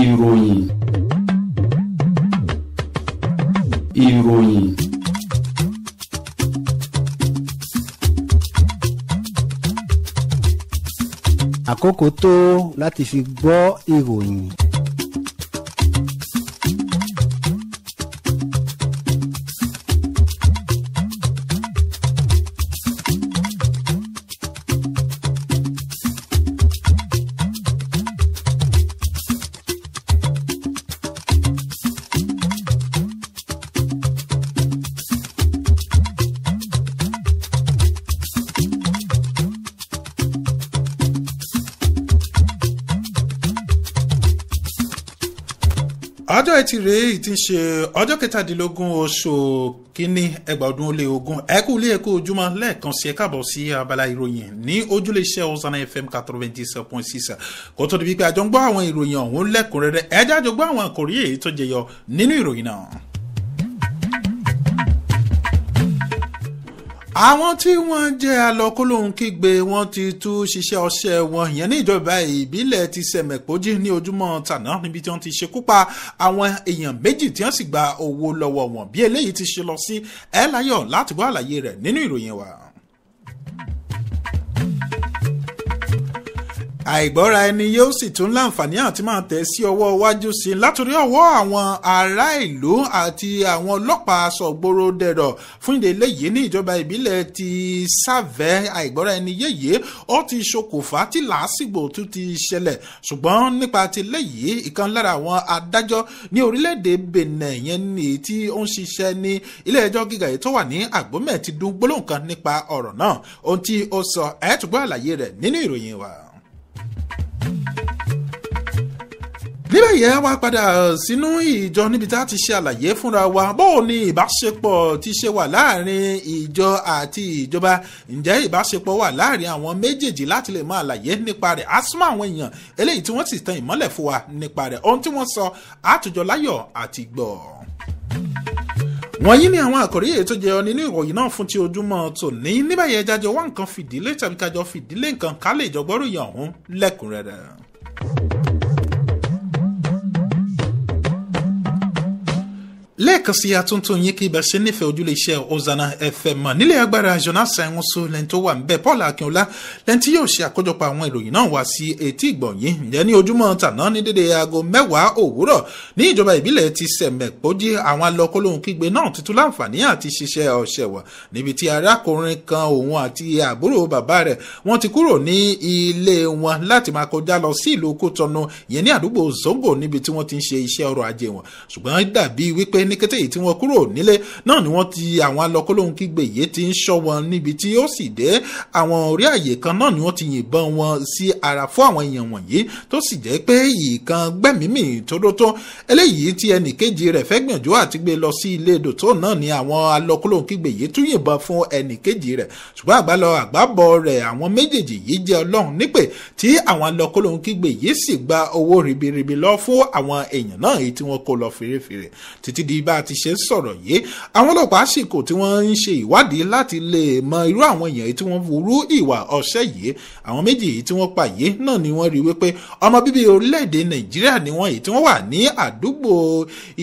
ìròyìn ìròyìn. àkókò tó láti fi gbọ́ ìròyìn. ti rèé ìtí ń ṣe ọjọ́ kẹtàdínlógún oṣù kínní ẹgbàá ọdún ó lé ogún ẹkú ilé ẹkú ojúmọ́ lẹ́ẹ̀kan sí ẹ sí abala ìròyìn ní ojúléeṣẹ́ Hosanna FM quatre vingt dix sept point six kó tó di wípé àjọ ń gbọ́ àwọn ìròyìn ọ̀hún lẹ́kùnrẹ́rẹ́ ẹjẹ́ àjọ gbọ́ àwọn àkòrí èyí tó jẹyọ nínú ìròyìn náà. àwọn tí wọ́n jẹ́ alọ́kólóhùn kígbe wọ́n ti tú ṣiṣẹ́ ọṣẹ́ wọn ìyẹn ní ìjọba ìbílẹ̀ ti sẹ̀mẹ̀pọ́jì ní ojúmọ́ tàná níbi tí wọ́n ti ṣekúpa àwọn èèyàn méjì tí wọ́n sì gba owó lọ́wọ́ wọn bí eléyìí ti ṣe lọ sí ẹ̀ láyọ̀ láti gbọ́ àlàyé rẹ̀ nínú ìròyìn wa. àìgbọ́ra ẹni yóò sì tún láǹfààní àti máa tẹ̀ sí ọwọ́ iwájú sí i látòrí ọwọ́ àwọn ará ìlú àti àwọn ọlọ́pàá sọ̀gbòrò dẹ̀rọ̀ fún ìdè eléyìí ní ìjọba ìbílẹ̀ ti Sàvẹ́ àìgbọ́ra ẹni yéye ó ti ṣokùnfà tí làásìgbò tún ti ṣẹlẹ̀ ṣùgbọ́n nípa ti léyìí ìkan lára àwọn adájọ́ ní orílẹ̀-èdè Benin yẹn ni tí ó ń ṣiṣẹ́ ní ilé-ẹjọ́ gíga yìí tó wà ti dún gbólóhùn kan nípa ọ̀rọ̀ náà ohun tí ó sọ ẹ̀ tún gbọ́ eléyìí wá padà sínú ìjọ níbi tá a ti ṣe àlàyé fúnra wa bóò ni ìbáṣepọ̀ ti ṣe wà láàrin ìjọ àti ìjọba ǹjẹ́ ìbáṣepọ̀ wà láàrin àwọn méjèèjì láti lè mọ àlàyé nípa rẹ̀ á súnmọ́ àwọn èèyàn eléyìí tí wọ́n sì tan ìmọ́lẹ̀ fún wa nípa rẹ̀ ohun tí wọ́n sọ àtòjọ láyọ̀ àti gbọ̀ wọ̀nyí ni àwọn àkòrí èyí tó jẹyọ nínú ìròyìn náà fún ti ojúmọ́ tòní níbàyẹ̀ jájọ wá nǹkan fìdílé tàbí kájọ fìdílé nǹkan ká lè jọ gbọ́ròyìn ọ̀hún lẹ́kùnrẹ́rẹ́. lẹ́ẹ̀kan sí atúntún yín kí ibà ṣe nífẹ̀ẹ́ ojúlé iṣẹ́ Ozana FM nílé agbára jonas ẹ̀húnṣó lẹ́ni tó wà níbẹ̀ Paul Akínọlá lẹ́ni tí yóò ṣe àkójọpọ̀ àwọn ìròyìn náà wá sí etí ìgbọ̀nyín ǹjẹ́ ní ojúmọ́ tàná ní dédé aago mẹ́wàá òwúrọ̀ ní ìjọba ìbílẹ̀ ti sẹ̀mẹ̀pọ́dí àwọn alọ́kọ́lóhun kígbe náà tuntun láǹfààní àti ṣiṣẹ́ ọ̀ṣẹ̀wà níbi tí arákùnrin kan òun Zongo níbi tí wọ́n ti ń ṣe iṣẹ́ ọrọ̀ ajé wọn ní kété yìí tí wọ́n kúrò nílé náà ni wọ́n ti àwọn alọ́kọ́lóhun kígbe yìí ti ń ṣọ́ wọn níbi tí ó sì dé àwọn orí àyè kan náà ni wọ́n ti yìnbọn wọn sí ara fún àwọn èèyàn wọ̀nyí tó sì jẹ́ pé ìkan gbẹ̀mímì tódótó eléyìí tí ẹnì kejì rẹ̀ fẹ́ gbìyànjú àti gbé lọ sí ilé dòtó náà ni àwọn alọ́kọ́lóhun kígbe yìí tún yìnbọn fún ẹnì kejì rẹ̀ ṣùgbọ́n àgbálọ àgbábọ̀ rẹ̀ àwọn méjèèjì yìí jẹ́ ọlọ́run nípè tí àwọn alọ́kọ́lóhun kígbe yìí sì gba owó ribiribi lọ fún àwọn èèyàn náà èyí tí wọ́n kó lọ fèrèfèrè títí di bá a ti ṣe ń sọ̀rọ̀ yìí àwọn ọlọ́pàá àsìkò tí wọ́n ń ṣe ìwádìí láti lè mọ irú àwọn èèyàn tí wọ́n wúrú ìwà ọ̀ṣẹ́ yìí àwọn méjì yìí tí wọ́n pa yìí náà ni wọ́n rí wípé ọmọ bíbí orílẹ̀-èdè nàìjíríà ni wọ́n yìí tí wọ́n wà ní àdúgbò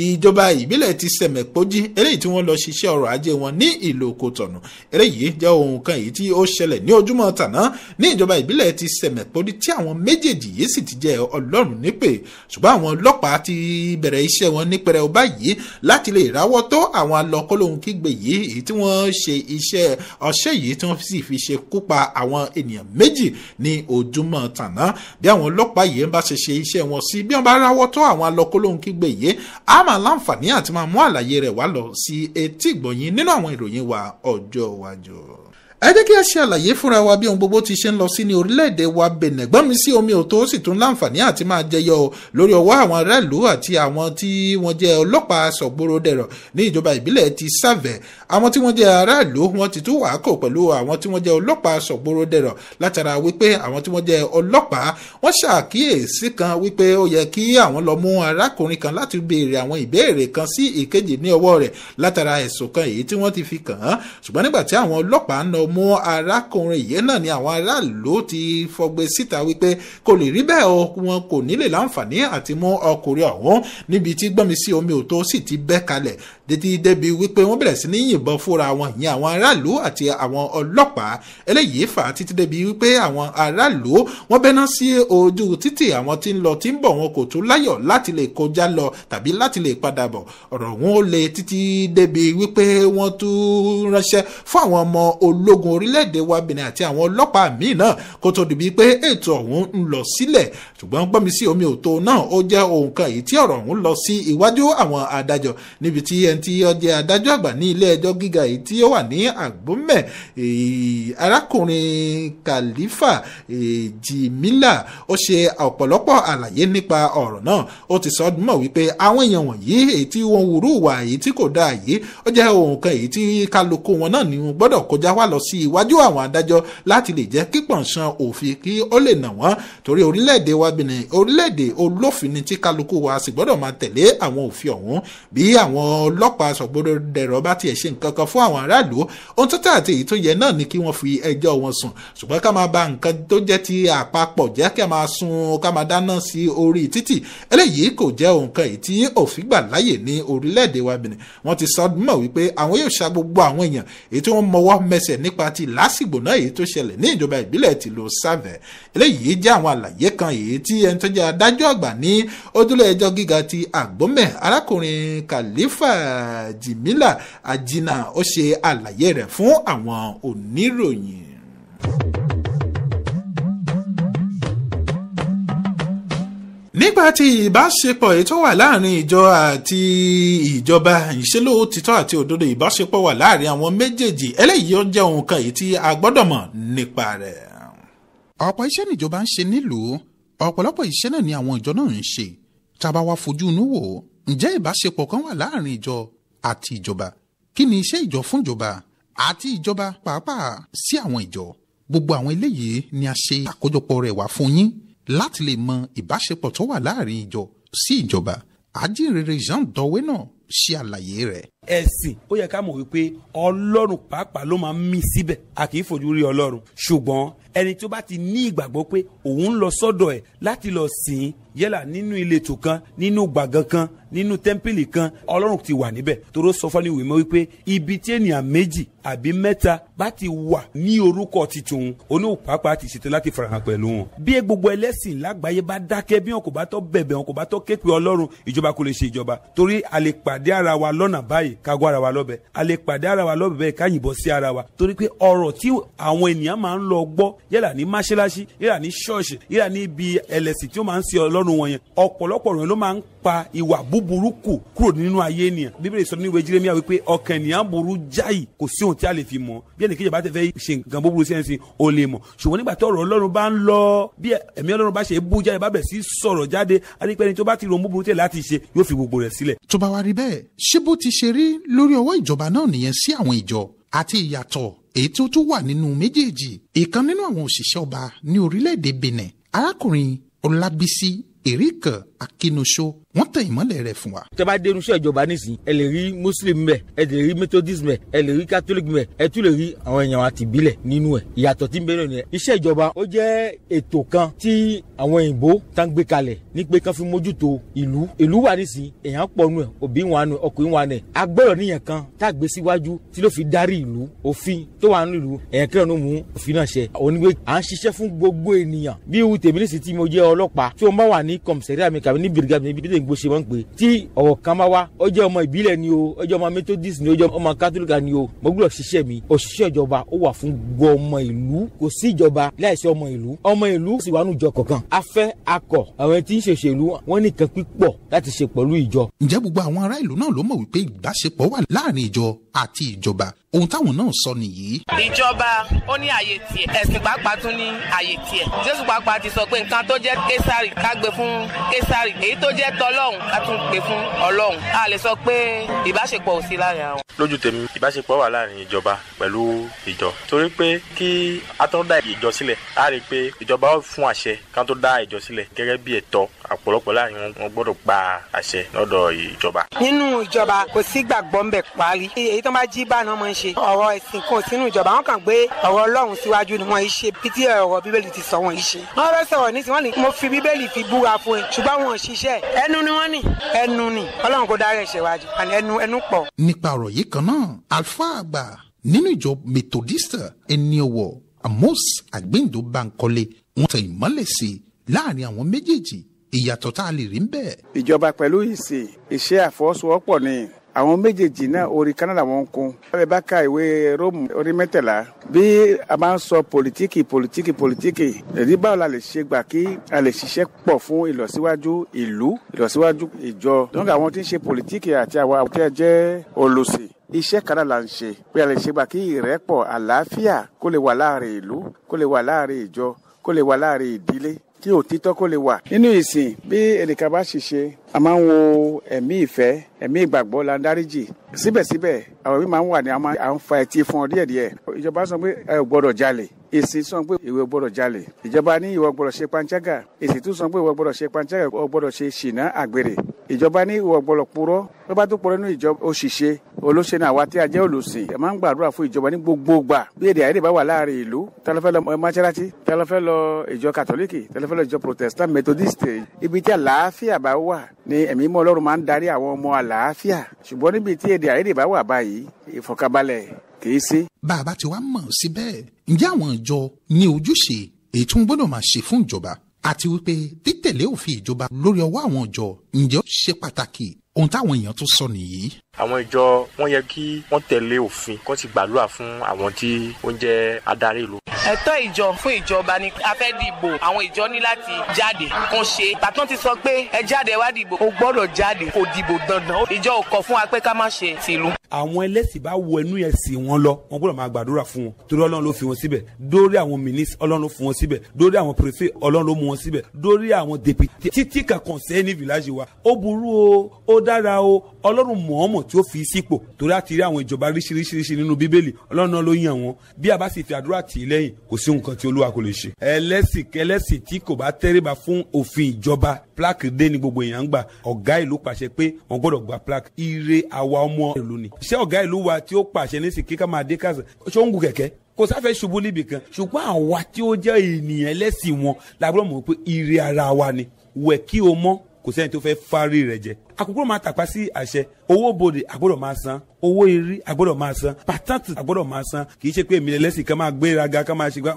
ìjọba ìbílẹ̀ ti sẹ̀mẹ̀pọ́jì eléyìí tí wọ́n lọ ṣiṣẹ́ ọrọ̀ ajé wọn ní ìlú kòtọ̀nù eléyìí jẹ́ ohun kan èyí tí ó ṣẹlẹ̀ ní ojúmọ́ tàná ní ìjọba ìbílẹ̀ ti sẹ̀mẹ̀pọ́jì tí àwọn méjèèjì yìí sì ti jẹ́ ọlọ́run nípè ṣùgbọ́n àwọn ọlọ́pàá ti bẹ̀rẹ̀ iṣẹ́ wọn ní pẹrẹu báyìí láti lè ráwọ́ tó àwọn alọ́kọ́lóhun kígbe yìí èyí tí wọ́n ṣe iṣẹ́ ọṣẹ́ yìí tí wọ́n sì fi ṣe kúpa àwọn ènìyàn méjì ní ojúmọ́ tàná bí àwọn ọlọ́pàá yìí ń bá ṣe ṣe iṣẹ́ wọn sí bí wọ́n bá ráwọ́ tó àwọn alọ́kọ́lóhun kígbe yìí á máa láǹfààní àti máa mú àlàyé rẹ̀ wá lọ sí etí ìgbọ̀nyín nínú àwọn ìròyìn wa ọjọ́ iwájú ẹ jẹ́ kí a ṣe àlàyé fúnra wa bí ohun gbogbo ti ṣe ń lọ sí ní orílẹ̀-èdè wa bẹ̀nẹ̀ gbọ́n mi sí omi ọ̀tọ̀ ó sì tún láǹfààní àti máa jẹyọ lórí ọwọ́ àwọn aráàlú àti àwọn tí wọ́n jẹ́ ọlọ́pàá sọ̀gbòrò dẹ̀rọ̀ ní ìjọba ìbílẹ̀ ti Sàvẹ̀ àwọn tí wọ́n jẹ́ aráàlú wọn ti tún wàá kò pẹ̀lú àwọn tí wọ́n jẹ́ ọlọ́pàá sọ̀gbòrò dẹ̀rọ̀ látara wípé àwọn tí wọ́n jẹ́ ọlọ́pàá wọ́n ṣàkíyèsí kan wípé ó ọmọ arákùnrin yìí náà ni àwọn aráàlú ti fọgbe síta wípé kò lè rí bẹ́ẹ̀ wọn kò nílè láǹfààní àti mú ọkùnrin ọ̀hún níbi tí gbọ́nmi sí omi òtó sì ti bẹ́ kalẹ̀ títí débi wípé wọ́n bẹ̀rẹ̀ sí ní yìnbọn fúnra wọn ìyẹn àwọn aráàlú àti àwọn ọlọ́pàá eléyìí fà á títí débi wípé àwọn aráàlú wọ́n bẹ́ná sí ojú títì àwọn tí ń lọ tí ń bọ̀ wọn kò tún láyọ̀ láti lè kọjá lọ tàbí láti lè padà bọ̀ ọ̀rọ̀ wọn ó le títí débi wípé wọ́n tún ránṣẹ́ fún àwọn ọmọ ológun orílẹ̀-èdè wa Benin àti àwọn ọlọ́pàá míì náà kó tó dìbí pé ètò ọ̀hún ń lọ sílẹ̀ ṣùgbọ́n gbọ́mi sí omi òtó náà ó jẹ́ ohun kan èyí tí ọ̀rọ̀ ọ̀hún lọ sí iwájú àwọn adájọ́ níbi tí ẹni tí ó jẹ́ adájọ́ àgbà ní ilé ẹjọ́ gíga èyí tí ó wà ní àgbọ́mẹ̀ arákùnrin Khalifa Jimila ó ṣe ọ̀pọ̀lọpọ̀ àlàyé nípa ọ̀rọ̀ náà ó ti sọ mọ̀ wípé àwọn èèyàn wọ̀nyí èyí tí wọ́n wúrú ìwà èyí tí kò dáa yìí ó jẹ́ ohun kan èyí tí kálukú wọn náà ni wọ́n gbọ́dọ̀ kọjá wá lọ sí iwájú àwọn adájọ́ láti lè jẹ́ kípọ̀nṣan òfin kí ó lè nà wọ́n torí orílẹ̀-èdè wa olófin ni tí kálukú wa sì gbọ́dọ̀ máa tẹ̀lé àwọn òfin ọlọ́pàá sọ̀gbọ́dọ̀ dẹ̀rọ̀ bá tiẹ̀ ṣe nǹkan kan fún àwọn aráàlú ohun tó tẹ̀ àti èyí tó yẹ náà ni kí wọ́n fi ẹjọ́ wọn sùn ṣùgbọ́n ká máa ba nǹkan tó jẹ́ ti àpapọ̀ jẹ́ kí a máa sun ká máa dáná sí orí títì eléyìí kò jẹ́ nǹkan èyí tí òfin gbà láyè ní orílẹ̀-èdè wa Benin wọ́n ti sọ mọ̀ wípé àwọn yóò ṣa gbogbo àwọn èèyàn èyí tí wọ́n mọwọ́ mẹsẹ̀ nípa ti lásìgbò náà èyí tó ṣẹlẹ̀ ní ìjọba ìbílẹ̀ tìlú Sàvẹ̀ eléyìí jẹ́ àwọn àlàyé kan èyí tí ẹni tó jẹ́ adájọ́ àgbà ní ojúlé ẹjọ́ gíga ti Àgbọ̀mẹ̀ arákùnrin Khalifa Jimila Ajina ó ṣe àlàyé rẹ̀ fún àwọn oníròyìn. nípa ti ìbáṣepọ̀ èyí tó wà láàrin ìjọ àti ìjọba ìṣèlú òtítọ́ àti òdodo ìbáṣepọ̀ wà láàrin àwọn méjèèjì eléyìí ó jẹ́ ohun kan èyí tí a gbọ́dọ̀ mọ̀ nípa rẹ̀. ọ̀pọ̀ iṣẹ́ níjọba ń ṣe nílùú ọ̀pọ̀lọpọ̀ iṣẹ́ náà ni àwọn ìjọ náà ń ṣe tá a bá wá fojú inú wò ǹjẹ́ ìbáṣepọ̀ kan wà láàrin ìjọ àti ìjọba kí ni iṣẹ́ ìjọ fún ìjọba àti ìjọba pàápàá sí àwọn ìjọ gbogbo àwọn eléyìí ni a ṣe àkójọpọ̀ rẹ̀ wá fún yín láti lè mọ ìbáṣepọ̀ tó wà láàrin ìjọ sí ìjọba àjínrere Jean Dọ̀wé náà ṣe àlàyé rẹ̀ ẹ̀sìn ó yẹ ká mọ̀ wípé ọlọ́run pàápàá ló máa ń mí síbẹ̀ a kì í fojú rí ọlọ́run ṣùgbọ́n ẹni tó bá ti ní ìgbàgbọ́ pé òun ń lọ sọ́dọ̀ ẹ̀ láti lọ sìn yálà nínú ìletò kan nínú gbàngàn kan nínú tẹ́ḿpìlì kan ọlọ́run ti wà níbẹ̀ toró sọ fún ni wèémọ́ wípé ibi tí ènìyàn méjì àbí mẹ́ta bá ti wà ní orúkọ titun oníwò pàápàá ti ṣètò láti farahàn pẹ̀lú wọn. bí gbogbo ẹlẹ́sìn lágbàáyé bá dákẹ́ bí wọn kò bá tọ́ bẹ̀bẹ̀ wọn kò bá tọ́ képe ọlọ́run ìjọba kò lè ṣe ìjọba torí a pàdé ara wa lọ́nà báyìí báyìí ká gún ara wa lọ́bẹ a lè pàdé ara wa lọ́bẹ bẹ́ẹ̀ ká yìnbọn sí ara wa torí pé ọ̀rọ̀ tí àwọn ènìyàn máa ń lọ gbọ́ yálà ní máṣáláṣí yálà ní ṣọ́ọ̀ṣì yálà ní ibi ẹlẹ́sìn tí ó máa ń ṣe ọlọ́run wọn yẹn ọ̀pọ̀lọpọ̀ rẹ̀ ló máa ń pa ìwà búburú kù kúrò nínú ayé ènìyàn bíbélì sọ nínú ìwé Jérémíà wípé ọkàn ènìyàn burú jáì kò sí ohun tí a lè fi mọ̀ bí ẹnì kejì bá tẹ fẹ́ ṣe nǹkan búburú sí ẹ̀sìn ò lè mọ̀ ṣùgbọ́n nígbà tí ọ̀rọ̀ ọlọ́run bá ń lọ bí ẹ̀mí ọlọ́run bá ṣe bú jáde bá bẹ̀ sí sọ̀rọ̀ jáde adípẹ́ni tó bá ti ronú búburú tẹ̀ láti ṣe yóò fi gbogbo rẹ̀ sílẹ̀. tó bá wa rí bẹ́ẹ̀ ṣé bó ti ṣe rí rí lórí ọwọ́ ìjọba náà nìyẹn sí àwọn ìjọ àti ìyàtọ̀ èyí tó tún wà nínú méjèèjì ìkan nínú àwọn òṣìṣẹ́ ọba ní orílẹ̀-èdè Benin arákùnrin Ọlábísí Èríkàn akínúṣó wọ́n tẹ̀ ìmọ́lẹ̀ rẹ̀ fún wa. tẹ́ bá dé irúṣẹ́ ìjọba nísìnyí ẹ lè rí muslim mẹ ẹ lè rí methodist mẹ ẹ lè rí catholic mẹ ẹ tún lè rí àwọn èèyàn àti ìbílẹ̀ nínú ẹ̀ ìyàtọ̀ tí ń bẹ lónìí ẹ̀. iṣẹ́ ìjọba ó jẹ́ ètò kan tí àwọn òyìnbó tá ń gbé kalẹ̀ ní pé kán fi mójútó ìlú ìlú wà nísìnyí èèyàn pọ̀ nù ẹ̀ òbí wà nù ọkùnrin wà nù ẹ̀ agbọ́dọ̀ tàbí ní birigadi níbi tètè gbòsè wọn pè tí ọwọ kan bá wa ó jẹ́ ọmọ ìbílẹ̀ ni o ó jẹ́ ọmọ methodist ni o ó jẹ́ ọmọ katolika ni o mo gbọ́dọ̀ ṣiṣẹ́ mi òṣìṣẹ́ ìjọba ó wà fún gbogbo ọmọ ìlú kò sí ìjọba láìsí ọmọ ìlú ọmọ ìlú sì wà nùjọ kọ̀ọ̀kan afẹ́ akọ àwọn tí ń ṣèṣèlú wọn nìkan pípọ̀ láti ṣe pẹ̀lú ìjọ. ǹjẹ́ gbogbo àwọn ará ìlú náà ló mọ̀ wípé ìbáṣepọ̀ wà láàrin ìjọ àti ìjọba ohun táwọn náà sọ nìyí. ìjọba ó ní àyè tiẹ̀ ẹ̀sìn pàápàá tún ní àyè tiẹ̀ jésù pàápàá ti sọ pé nǹkan tó jẹ́ késàrì ká gbé fún késàrì èyí tó jẹ́ tọlọ́hun ká tún gbé fún ọlọ́hun a lè sọ pé ìbáṣepọ̀ ò sí lára wọn. lójú tèmi ìbáṣepọ̀ wà láàrin ìjọba pẹ̀lú ìjọ torí pé kí a ìjọ sílẹ̀ a rí i pé ìjọba fún àṣẹ ká tó dá ìjọ sílẹ̀ gẹ́gẹ́ bí ẹ̀tọ́ ọ̀pọ̀lọpọ̀ láàyè wọn gbọ́dọ̀ gba àṣẹ lọ́dọ̀ ìjọba. nínú ìjọba kò sí gbàgbọ́ ńbẹ parí èyí tó bá jí báná máa ń ṣe ọ̀rọ̀ ẹ̀sìn kan sínú ìjọba wọn kàn gbé ọ̀rọ̀ ọlọ́run síwájú ni wọ́n ṣe bí tí ọ̀rọ̀ bíbélì ti sọ wọ́n ṣe. wọ́n fẹ́ sọ̀rọ̀ ní tiwọn ni mo fi bíbélì fi búra fún ẹ ṣùgbọ́n wọn ò ṣiṣẹ́ ẹnu ni wọ́n ní ẹnu ni ọlọ́run kò dára ẹ̀ṣẹ̀ wájú àní ẹnu ẹnu pọ̀. nípa ọ̀rọ̀ yìí kan tẹ ìmọ́lẹ̀ sí láàrin àwọn méjèèjì ìyàtọ̀ tá a lè rí ń bẹ̀. ìjọba pẹ̀lú ìsìn iṣẹ́ àfọwọ́sowọ́pọ̀ ni àwọn méjèèjì náà orí Canada wọn kún. ẹ bá ka ìwé Róòmù orí mẹ́tẹ̀lá. bí a máa ń sọ pòlítíkì pòlítíkì pòlítíkì èdè báwo la lè ṣe gbà kí a lè ṣiṣẹ́ pọ̀ fún ìlọsíwájú ìlú ìlọsíwájú ìjọ. dọ́nkà àwọn tí ń ṣe pòlítíkì àti àwọn àwọn tí a jẹ́ olùsìn iṣẹ́ kan náà la ń ṣe pé a lè ṣe gbà kí ìrẹ́pọ̀ àlàáfíà kó lè wà láàrin ìlú kó lè wà láàrin ìjọ kó lè wà láàrin ìdílé tí òtítọ́ kó lè wà. nínú ìsìn bí ẹnìkan bá ṣiṣẹ́ a máa ń wo ẹ̀mí ìfẹ́ ẹ̀mí ìgbàgbọ́ la ń dáríjì síbẹ̀síbẹ̀ àwọn ẹ̀mí máa ń wà ní àwọn à ń fa ẹtí fún ọ díẹ̀díẹ̀ ìjọba sọ pé ẹ ò gbọ́dọ̀ jalè èsì sọ pé ìwé gbọ́dọ̀ jalè ìjọba ní ìwọ gbọ́dọ̀ ṣe panṣágà èsì tún sọ pé ìwọ gbọ́dọ̀ ṣe panṣágà ìwọ gbọ́dọ̀ ṣe ìjọba ní ìwọ gbọ́dọ̀ purọ́ ló bá tó purọ́ nínú ìjọba òṣìṣẹ́ olóṣèlú àwa tí a jẹ́ olùsìn ẹ máa ń gbàdúrà fún ìjọba ní gbogbo gbà bí èdè àìyedè bá wà láàrin ìlú tẹlifẹ lọ mọ́ṣáláṣí tẹlifẹ lọ ìjọ kàtólíkì tẹlifẹ lọ ìjọ protestant methodist ibi tí àlàáfíà bá wà ni ẹ̀mí mọ́ ọlọ́run máa ń darí àwọn ọmọ àlàáfíà ṣùgbọ́n níbi tí èdè àìyedè bá wà báyìí ìfọ̀kàbalẹ̀ kì í sí. bàbá tí wàá mọ̀ sí bẹ́ẹ̀ ǹjẹ́ àwọn ìjọ ní ojúṣe èyí tó ń gbọ́dọ̀ àwọn ìjọ wọn yẹ kí wọ́n tẹ̀lé òfin kó sì gbàdúrà fún àwọn tí ó ń jẹ́ adarí ìlú ẹ̀tọ́ ìjọ fún ìjọba ni a fẹ́ dìbò àwọn ìjọ ní láti jáde kàn ṣe tàtàn ti sọ pé ẹ jáde wá dìbò o gbọ́dọ̀ jáde kò dìbò dandan ìjọ ò kọ fún wa pé ká má ṣe tìlú. àwọn ẹlẹ́sìn bá wọ ẹnu ẹ̀sìn wọn lọ wọn gbọ́dọ̀ máa gbàdúrà fún wọn torí ọlọ́run ló fi wọn síbẹ̀ dórí àwọn mínísì ọlọ́run ló fún wọn síbẹ̀ dórí àwọn pèrèfé ọlọ́run ló mú wọn síbẹ̀ dórí àwọn dèpì títí kankan sẹ́yìn ní fìlàjì wa ó burú o ó dára o ọlọ́run mọ̀ọ́mọ̀ tí ó fi sípò torí àti rí àwọn ìjọba ríṣiríṣiríṣi nínú bíbélì ọlọ́run náà ló yàn wọ́n bí a bá sì fi àdúrà tì í lẹ́yìn kò sí nǹkan tí olúwa kò lè ṣe. ẹlẹ́sìn kẹlẹ́sìn tí kò bá tẹ́rìbà fún òfin ìjọba plaque dé ni gbogbo èèyàn ń gbà ọ̀gá ìlú pàṣẹ pé wọ́n gbọ́dọ̀ gba plaque ire àwa ọmọ ìlú ni. ṣé ọ̀gá ìlú wa tí ó pàṣẹ ní sìkíkà máa dé kò sáfẹ́ ṣubú níbì kan ṣùgbọ́n àwa tí ó jẹ́ ènìyàn ẹlẹ́sìn wọn làbúrò mọ̀ pé ire ara wa ni wẹ̀ kí o mọ́ kò sẹ́ni tó fẹ́ fárí rẹ̀ jẹ àkókò máa tàpá sí àṣẹ owó bodè àgbọ́dọ̀ máa san owó irí àgbọ́dọ̀ máa san pàtàkì àgbọ́dọ̀ máa san kì í ṣe pé èmi lẹ́sìn kan máa gbéraga kan máa ṣe gbá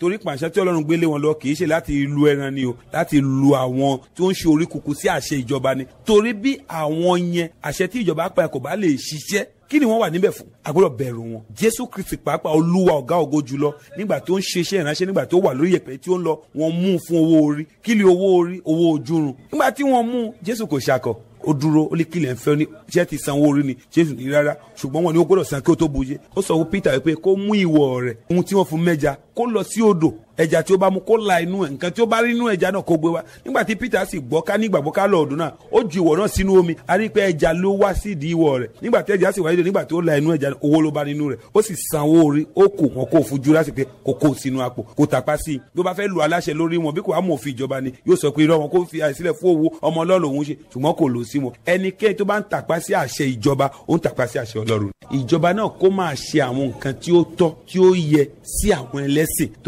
torí pàṣẹ tí ọlọ́run gbélé wọn lọ kì í ṣe láti lu ẹran ni o láti lu àwọn tí ó ń ṣe orí kùkù sí àṣẹ ìjọba ni torí bí àwọn yẹn àṣẹ tí ìjọba pa kò bá lè ṣiṣẹ́ kí ni wọ́n wà níbẹ̀ fún agbọ́dọ̀ bẹ̀rù wọn jésù kristi pàápàá olúwa ọ̀gá ògo jùlọ nígbà tó ń ṣe iṣẹ́ ìránṣẹ́ nígbà tó wà lórí yẹ̀pẹ̀ tí ó ń lọ wọ́n mú un fún owó orí kí ni owó orí owó ojúrun nígbà tí wọ́n mú un jésù kò ṣakọ̀ ó dúró ó lè kílẹ̀ ń fẹ́ ní ṣé ti san owó orí ni jésù ní rárá ṣùgbọ́n wọn ni ó gbọ́dọ̀ san kí ó tó buyé ó sọ fún peter wípé kó mú ìwọ̀ rẹ̀ ohun tí wọ́n fún mẹ́ja kó lọ sí odò ẹja tí ó bá mu kó la inú ẹ nǹkan tí ó bá rí inú ẹja náà kó gbé wá nígbà tí Peter sì gbọ́ ká nígbàgbọ́ ká lọ ọ̀dún náà ó ju ìwọ̀ náà sínú omi a rí pé ẹja ló wá sí ìdí ìwọ̀ rẹ̀ nígbà tí ẹja sì wáyé nígbà tí ó la inú ẹja owó ló bá nínú rẹ̀ ó sì san owó orí ó kò wọn kó fojú láti pé kò kó sínú àpò kò tàpá sí i bí ó bá fẹ́ lu aláṣẹ lórí wọn bí kò wá mọ̀ òfin ìjọba ni yóò sọ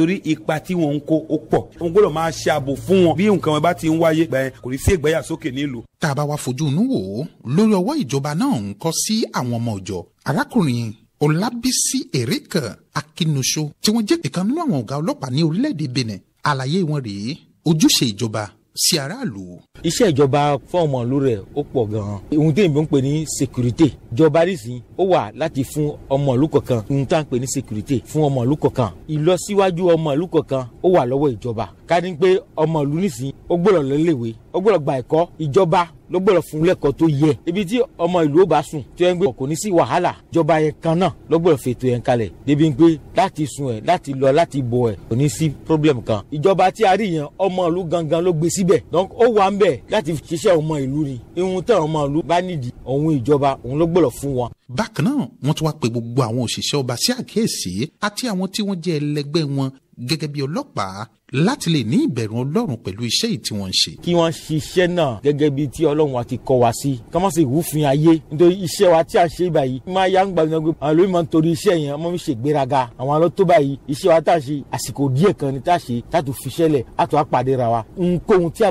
pé ipa tí wọn ń kó ó pọ̀ wọn gbọ́dọ̀ máa ṣe ààbò fún wọn bí nǹkan wọn bá ti ń wáyé gbẹ̀yìn kò ní sí ìgbéyàsókè nílùú. tá a bá wa fojú inú wò ó lórí ọwọ́ ìjọba náà ń kọ́ sí àwọn ọmọ ọ̀jọ́ arákùnrin Ọlábísí Èrèkàn Akínúṣó tí wọ́n jẹ́ ìkan nínú àwọn ọ̀gá ọlọ́pàá ní orílẹ̀-èdè Benin àlàyé wọn rèé ojúṣe ìjọba sí aráàlú iṣẹ́ ìjọba fọ́ọ̀mù ìlú rẹ̀ ó pọ̀ gan-an ohun tí èmi ń pè ní sécurité ìjọba nísìn ó wà láti fún ọmọ ìlú kọ̀ọ̀kan ohun tí à ń pè ní sécurité fún ọmọ ìlú kọ̀ọ̀kan ìlọsíwájú ọmọ ìlú kọ̀ọ̀kan ó wà lọ́wọ́ ìjọba ká ní pé ọmọ ìlú nísìnyí ó gbọ́dọ̀ lọ léwe ó gbọ́dọ̀ gba ẹ̀kọ́ ìjọba ló gbọ́dọ̀ fún lẹ́kọ̀ọ́ tó yẹ ibi tí ọmọ ìlú ó bá sùn tó yẹn ń gbé kò ní sí wàhálà ìjọba yẹn kan náà ló gbọ́dọ̀ fètò yẹn kalẹ̀ débi pé láti sun ẹ̀ láti lọ láti bọ̀ ẹ̀ kò ní sí problem kan ìjọba tí a rí yẹn ọmọ ìlú gangan ló gbé síbẹ̀ donc ó wà ń bẹ̀ láti ṣiṣẹ́ ọmọ ìlú ni ihun tẹ́ ọmọ ìlú bá nídìí òun ìjọba òun ló gbọ́dọ̀ fún wọn bákan náà wọ́n tún wá pe gbogbo àwọn òṣìṣẹ́ ọba sí àkíyèsí àti àwọn tí wọ́n jẹ́ ẹlẹgbẹ́ wọn gẹ́gẹ́ bí ọlọ́pàá láti lè ní ìbẹ̀rù ọlọ́run pẹ̀lú iṣẹ́ yìí tí wọ́n ń ṣe. kí wọ́n ṣiṣẹ́ náà gẹ́gẹ́ bí tí ọlọ́run wa ti kọ́ wa sí ká má sì rúfin ayé nítorí iṣẹ́ wa tí a ṣe báyìí máa yá ń gbàgbé pé àwọn olóyún máa ń torí iṣẹ́ yẹn wọ́n ń ṣe gbéraga àwọn alọ́ tó báyìí iṣẹ́ wa tá a ṣe àsìkò díẹ̀ kan ni tá a ṣe tátù fiṣẹ́lẹ̀ àtọ́ àpàdé ra wa nkóhun tí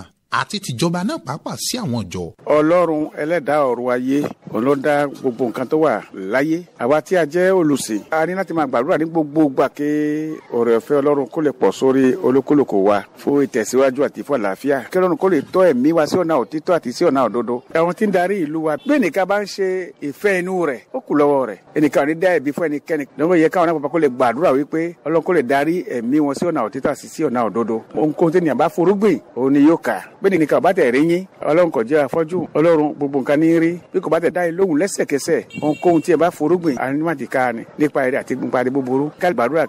a àti tìjọba náà pàápàá sí àwọn ìjọ. ọlọ́run ẹlẹ́dàá ọ̀rọ̀ ayé òun gbogbo nǹkan tó wà láyé àwa tí a jẹ́ olùsìn a ní láti máa gbàdúrà ní gbogbo gbà kí ọ̀rọ̀ ẹ̀fẹ́ ọlọ́run kó lè pọ̀ sórí olókòlòkò wa fún ìtẹ̀síwájú àti fún àlàáfíà kí ọlọ́run kó lè tọ́ ẹ̀mí wa sí ọ̀nà òtítọ́ àti sí ọ̀nà òdodo. àwọn tí ń darí ìlú wa bí ẹnìkan bá ń ṣe ìfẹ́ inú rẹ̀ ó kù lọ́wọ́ rẹ̀ ẹnìkan ò ní dá ẹ̀bi fún ẹnikẹ́ni lọ́wọ́ yẹ káwọn náà pàpà kó lè gbàdúrà wípé ọlọ́run kó lè darí ẹ̀mí wọn sí ọ̀nà òtítọ́ àti sí ọ̀nà òdodo. ohunkóhun tí ènìyàn bá forúgbìn òun ni yóò kà bẹ́ẹ̀ ni nìkan bá tẹ̀ rí yín ọlọ́run kò jẹ́ afọ́jú ọlọ́run gbogbo nǹkan ní rí bí kò bá tẹ̀ dá yín lóhùn lẹ́sẹ̀kẹsẹ̀ ohunkóhun tí ẹ bá forógbìn ànímàdìka ni nípa ẹ̀rẹ́ àti gbùnpadì búburú ká gbàdúrà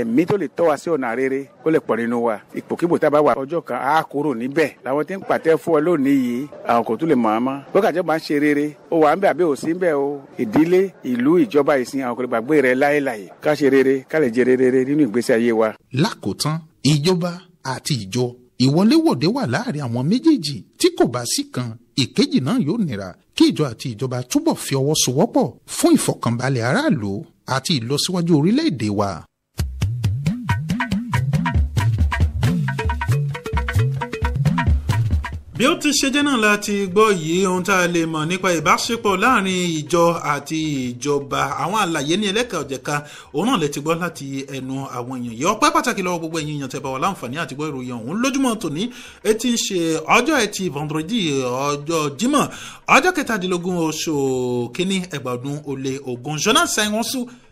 ẹ̀mí tó lè tọ́ wa sí ọ̀nà rere kó lè pọ̀ nínú wa ìpòkípò tá a bá wà ọjọ́ kan á kúrò níbẹ̀ làwọn tí ń pàtẹ́ fún ọ lónìí yìí àwọn kò tún lè mọ̀ ọ́n mọ́ bókàjọ́ ń ṣe rere ó wà ń bẹ̀ rere rere nínú ìgbésí ayé wa. lákòótán ìjọba ìwọléwọ̀de wà láàrin àwọn méjèèjì tí kò bá sí kan ìkejì náà yóò nira kí ìjọ àti ìjọba túbọ̀ fi ọwọ́ sowọ́pọ̀ fún ìfọ̀kànbalẹ̀ aráàlú àti ìlọsíwájú orílẹ̀-èdè wa. bí ó ti ṣe jẹ́ náà láti gbọ́ yìí ohun tá a lè mọ̀ nípa ìbáṣepọ̀ láàrin ìjọ àti ìjọba àwọn àlàyé ní ẹlẹ́ka ọ̀jẹ̀ka òun náà lè ti gbọ́ láti ẹnu àwọn èèyàn yìí ọpẹ́ pàtàkì lọ́wọ́ gbogbo ẹ̀yin èèyàn tẹ́ bá wà láǹfààní àti gbọ́ ìròyìn ọ̀hún lójúmọ́ tòní etí ń ṣe ọjọ́ ẹtì vendredi ọjọ́ jímọ̀ ọjọ́ kẹtàdínlógún oṣù kínní ẹgbàá ọdún